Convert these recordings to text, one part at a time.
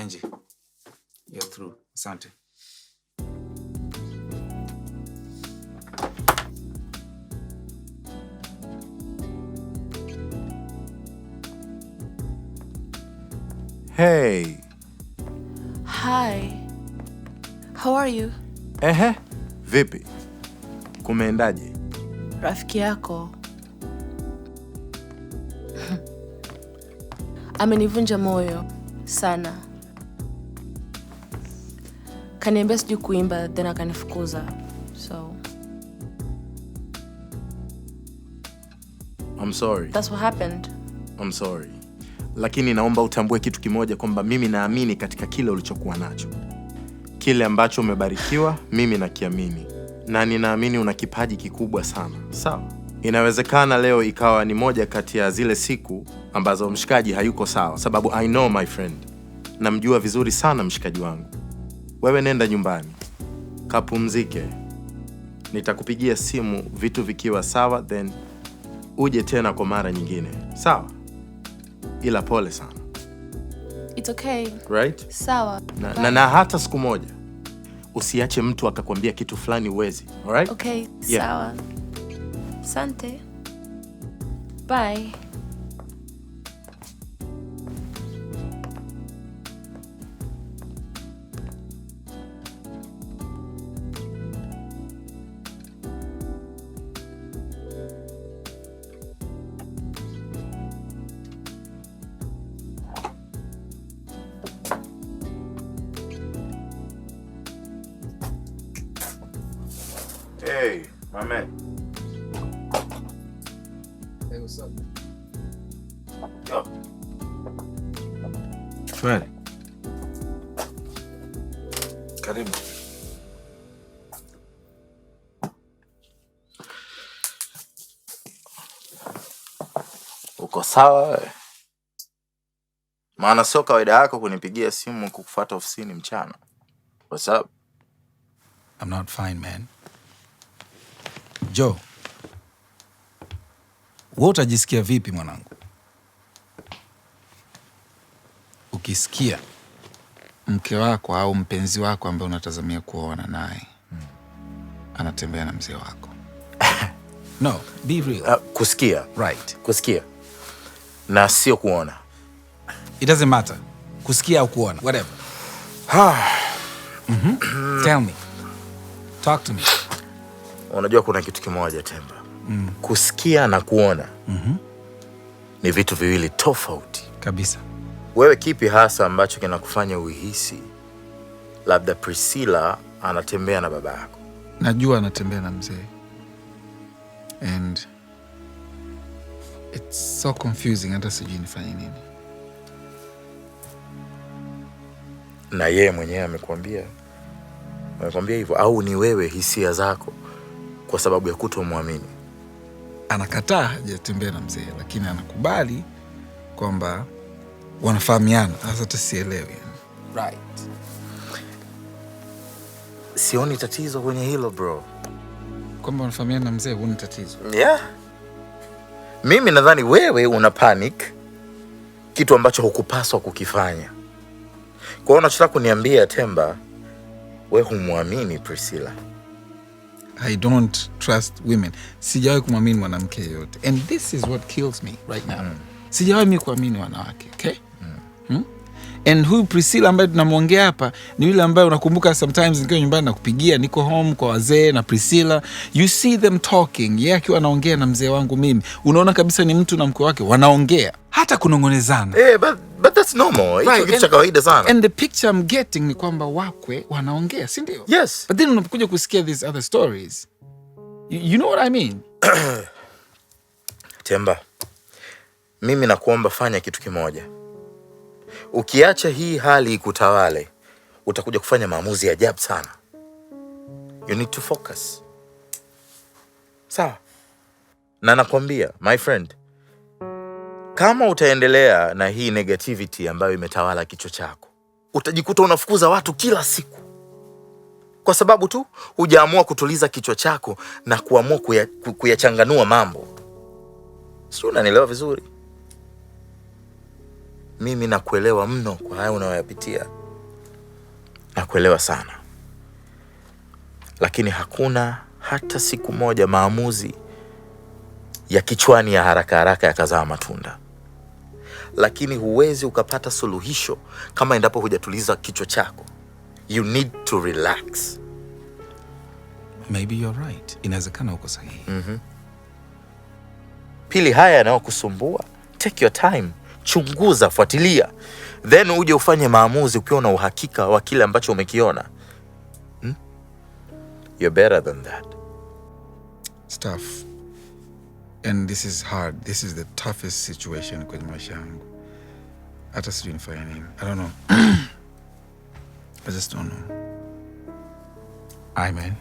Angie, you're through. Asante. Hey. Hi. How are you? Ehe, vipi? Kumeendaje? Rafiki yako amenivunja moyo sana kaniambia sijui kuimba then akanifukuza. So I'm sorry. That's what happened. I'm sorry. Lakini naomba utambue kitu kimoja kwamba mimi naamini katika kile ulichokuwa nacho, kile ambacho umebarikiwa, mimi nakiamini na ninaamini una kipaji kikubwa sana, sawa? Inawezekana leo ikawa ni moja kati ya zile siku ambazo mshikaji hayuko sawa, sababu I know my friend, namjua vizuri sana mshikaji wangu wewe nenda nyumbani kapumzike, nitakupigia simu vitu vikiwa sawa, then uje tena kwa mara nyingine, sawa? Ila pole sana. It's okay. Right? Sawa. Na, na, na hata siku moja usiache mtu akakwambia kitu fulani uwezi. right? Okay, yeah. Sawa. Asante. Bye. My man. Hey, what's up? Yo. Shwari. Karim. Uko sawa wewe? Maana sio kawaida yako kunipigia simu kukufuata ofisini mchana. What's up? I'm not fine, man. Jo, we utajisikia vipi mwanangu, ukisikia mke wako au mpenzi wako ambaye unatazamia kuona naye hmm, anatembea na mzee wako? No, be real. Uh, kusikia. Right. Kusikia na sio kuona. It matter. Kusikia au kuona, mm-hmm. Unajua kuna kitu kimoja Temba. Mm. Kusikia na kuona mm -hmm. ni vitu viwili tofauti kabisa. Wewe kipi hasa ambacho kinakufanya uhisi labda Priscilla anatembea na baba yako? Najua anatembea na mzee and it's so confusing, hata sijui nifanye nini. Na yeye mwenyewe amekuambia amekuambia hivyo, au ni wewe hisia zako? kwa sababu ya kutomwamini. Anakataa hajatembea na mzee, lakini anakubali kwamba wanafahamiana. Sasa tusielewi right. Sioni tatizo kwenye hilo bro, kwamba wanafahamiana na mzee, huni tatizo yeah. Mimi nadhani wewe una panic kitu ambacho hukupaswa kukifanya. Kwa hiyo unachotaka kuniambia Temba, we humwamini Priscilla. I don't trust women. Sijawahi kumwamini mwanamke yeyote, and this is what kills me right now. Mm. Sijawahi mi kuamini wanawake okay? Mm. Hmm? And huyu Priscilla ambaye tunamwongea hapa ni yule ambaye unakumbuka, sometimes nikiwa nyumbani nakupigia, niko home kwa wazee na Priscilla, you see them talking, yeye akiwa anaongea na mzee wangu mimi, unaona kabisa ni mtu na mke wake wanaongea, hata kunong'onezana. Hey, eh, but But that's normal. Right. Kitu cha kawaida sana. And the picture I'm getting ni kwamba wakwe wanaongea, si ndio? Yes. But then unapokuja kusikia these other stories. You, you know what I mean? Temba. Mimi nakuomba fanya kitu kimoja. Ukiacha hii hali ikutawale, utakuja kufanya maamuzi ya ajabu sana. You need to focus. Sawa? Na nakwambia, my friend, kama utaendelea na hii negativity ambayo imetawala kichwa chako, utajikuta unafukuza watu kila siku, kwa sababu tu hujaamua kutuliza kichwa chako na kuamua kuyachanganua kuya mambo. Si unanielewa vizuri? Mimi nakuelewa mno kwa haya unayoyapitia, nakuelewa sana, lakini hakuna hata siku moja maamuzi ya kichwani ya haraka haraka yakazaa matunda lakini huwezi ukapata suluhisho kama endapo hujatuliza kichwa chako. You need to relax. Maybe you're right. Inawezekana uko sahihi. mm -hmm. Pili, haya yanayokusumbua, take your time, chunguza, fuatilia, then uje ufanye maamuzi ukiwa na uhakika wa kile ambacho umekiona. hmm? You're better than that. Stuff. and this is hard, this is the toughest situation kwenye maisha yangu, hata sijui nifanya nini. I don't know I just don't know. Hi man,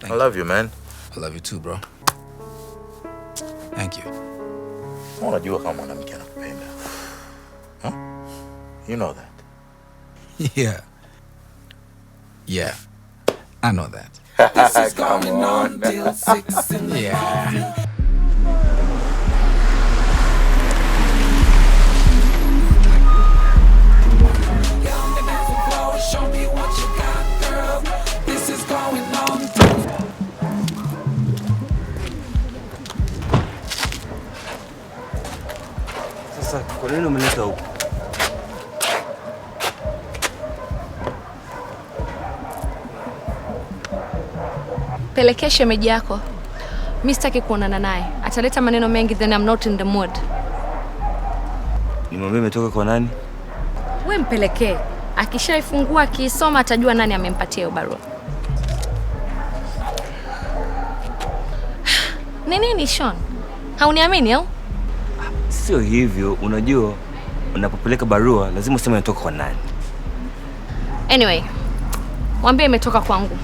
Thank I love you man. I love you too bro. Thank you. Unajua kama mwanamke anakupenda. Huh? You know that. Yeah. Yeah. I know that. This is going on till six in the morning. Yeah. Mwangalia shemeji yako, mi sitaki kuonana naye, ataleta maneno mengi, then I'm not in the mood. Nimwambia umetoka kwa nani? We mpelekee, akishaifungua akiisoma atajua nani amempatia hiyo barua. Ni nini Sean? Hauniamini au? Sio hivyo, unajua unapopeleka barua lazima useme imetoka kwa nani. Anyway, mwambie imetoka kwangu.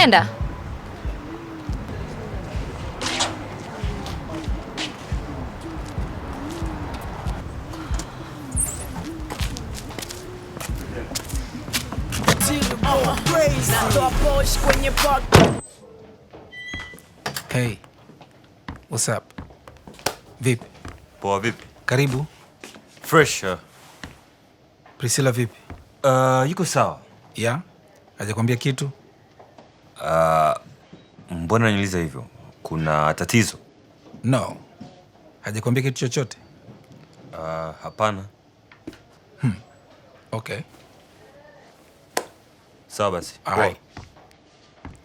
Nenda. Hey, what's up? Vipi? Poa vipi? Karibu. Fresh. Uh. Priscilla vipi? Uh, yuko sawa. Yeah? Hajakwambia kitu? Uh, mbona unaniuliza hivyo? Kuna tatizo? No, hajakwambia kitu chochote? Uh, hapana. Hmm. Okay. Sawa basi. Ah,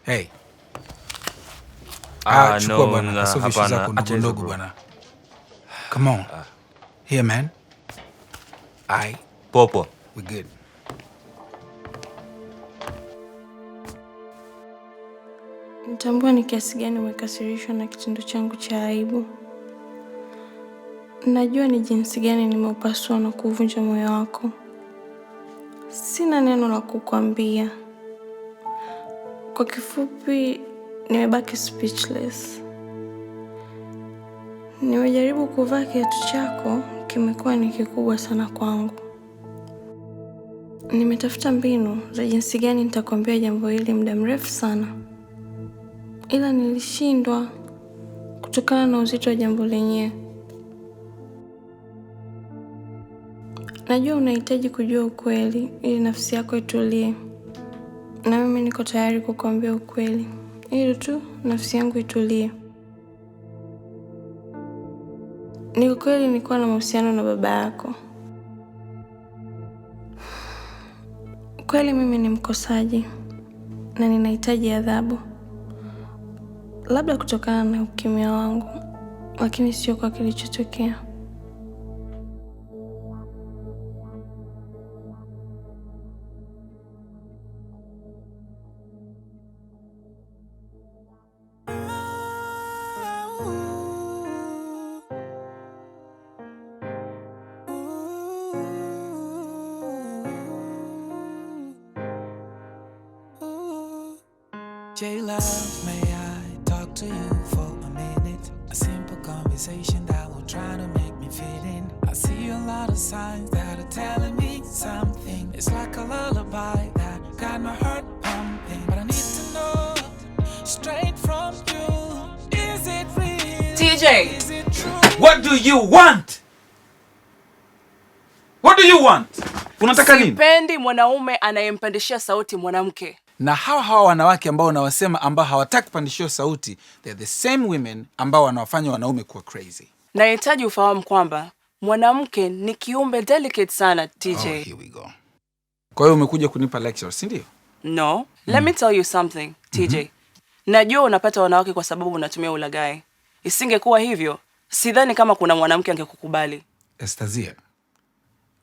hey. Ah, chukua bwana, acha zako ndogo ndogo bwana. Come on. Here man. Aye. Popo. We good. Natambua ni kiasi gani umekasirishwa na kitendo changu cha aibu. Najua ni jinsi gani nimeupasua na kuvunja moyo wako. Sina neno la kukwambia. Kwa kifupi, nimebaki speechless. Nimejaribu kuvaa kiatu chako, kimekuwa ni kikubwa sana kwangu. Nimetafuta mbinu za jinsi gani nitakwambia jambo hili muda mrefu sana ila nilishindwa kutokana na uzito wa jambo lenyewe. Najua unahitaji kujua ukweli ili nafsi yako itulie, na mimi niko tayari kukuambia ukweli ili tu nafsi yangu itulie. Ni ukweli nilikuwa na mahusiano na baba yako. Kweli mimi ni mkosaji na ninahitaji adhabu labda kutokana na ukimya wangu, lakini sio kwa kilichotokea. J Love me conversation that will try to make me fit in. I see a lot of signs that are telling me something. It's like a lullaby that got my heart pumping. But I need to know straight from you. Is it real? TJ, Is it true? what do you want? What do you want? Unataka nini? Sipendi mwanaume anayempandishia sauti mwanamke na hawa hawa wanawake ambao unawasema ambao hawataki kupandishiwa sauti, the same women ambao wanawafanya wanaume kuwa crazy. Nahitaji ufahamu kwamba mwanamke ni kiumbe delicate sana TJ. Oh, here we go. Kwa hiyo umekuja kunipa lecture, si ndio? No. Mm. me tell you something TJ. Mm -hmm. Najua unapata wanawake kwa sababu unatumia ulagae Isingekuwa hivyo, sidhani kama kuna mwanamke angekukubali. Estazia,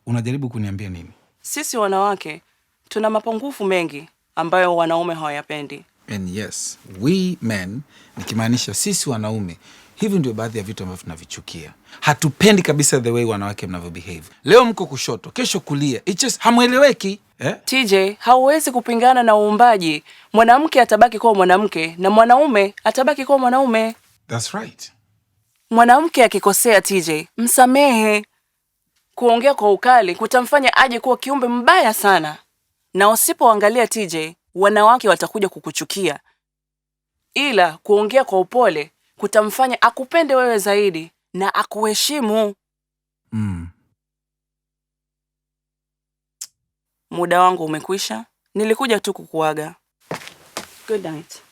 unajaribu kuniambia nini? Sisi wanawake tuna mapungufu mengi ambayo wanaume hawayapendi. And yes, we men, nikimaanisha sisi wanaume, hivi ndio baadhi ya vitu ambavyo tunavichukia. Hatupendi kabisa the way wanawake mnavyobehave. Leo mko kushoto, kesho kulia, hamweleweki eh? TJ, hauwezi kupingana na uumbaji. Mwanamke atabaki kuwa mwanamke na mwanaume atabaki kuwa mwanaume. That's right. Mwanamke akikosea, TJ, msamehe. Kuongea kwa ukali kutamfanya aje kuwa kiumbe mbaya sana na usipoangalia TJ, wanawake watakuja kukuchukia, ila kuongea kwa upole kutamfanya akupende wewe zaidi na akuheshimu. Mm. Muda wangu umekwisha, nilikuja tu kukuaga. Good night.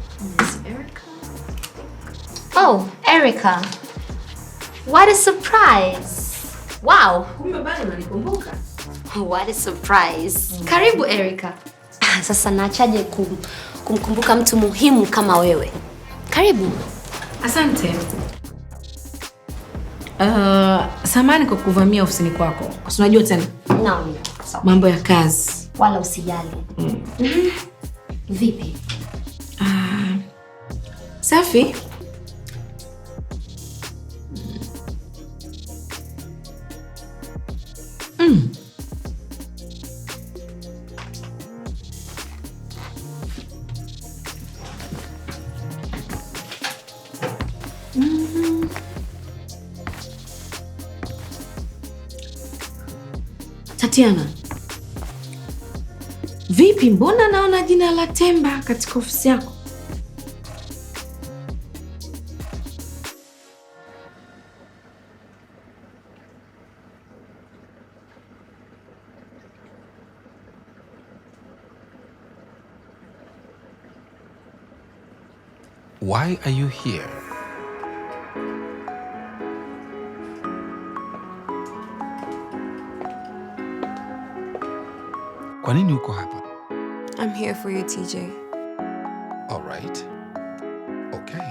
Oh, Erica. What a surprise. Wow. What a surprise. Mm. Karibu Erica. Ah, sasa naachaje kum, kumkumbuka mtu muhimu kama wewe? Karibu. Asante. Uh, samani kwa kuvamia ofisini kwako. kwa Unajua tena. Naam. So. Mambo ya kazi. Wala usijali. Mm. mm -hmm. Vipi? Uh, safi. Msichana, vipi, mbona naona jina la Temba katika ofisi yako? Why are you here? hapa? I'm here for you, TJ. All right. Okay.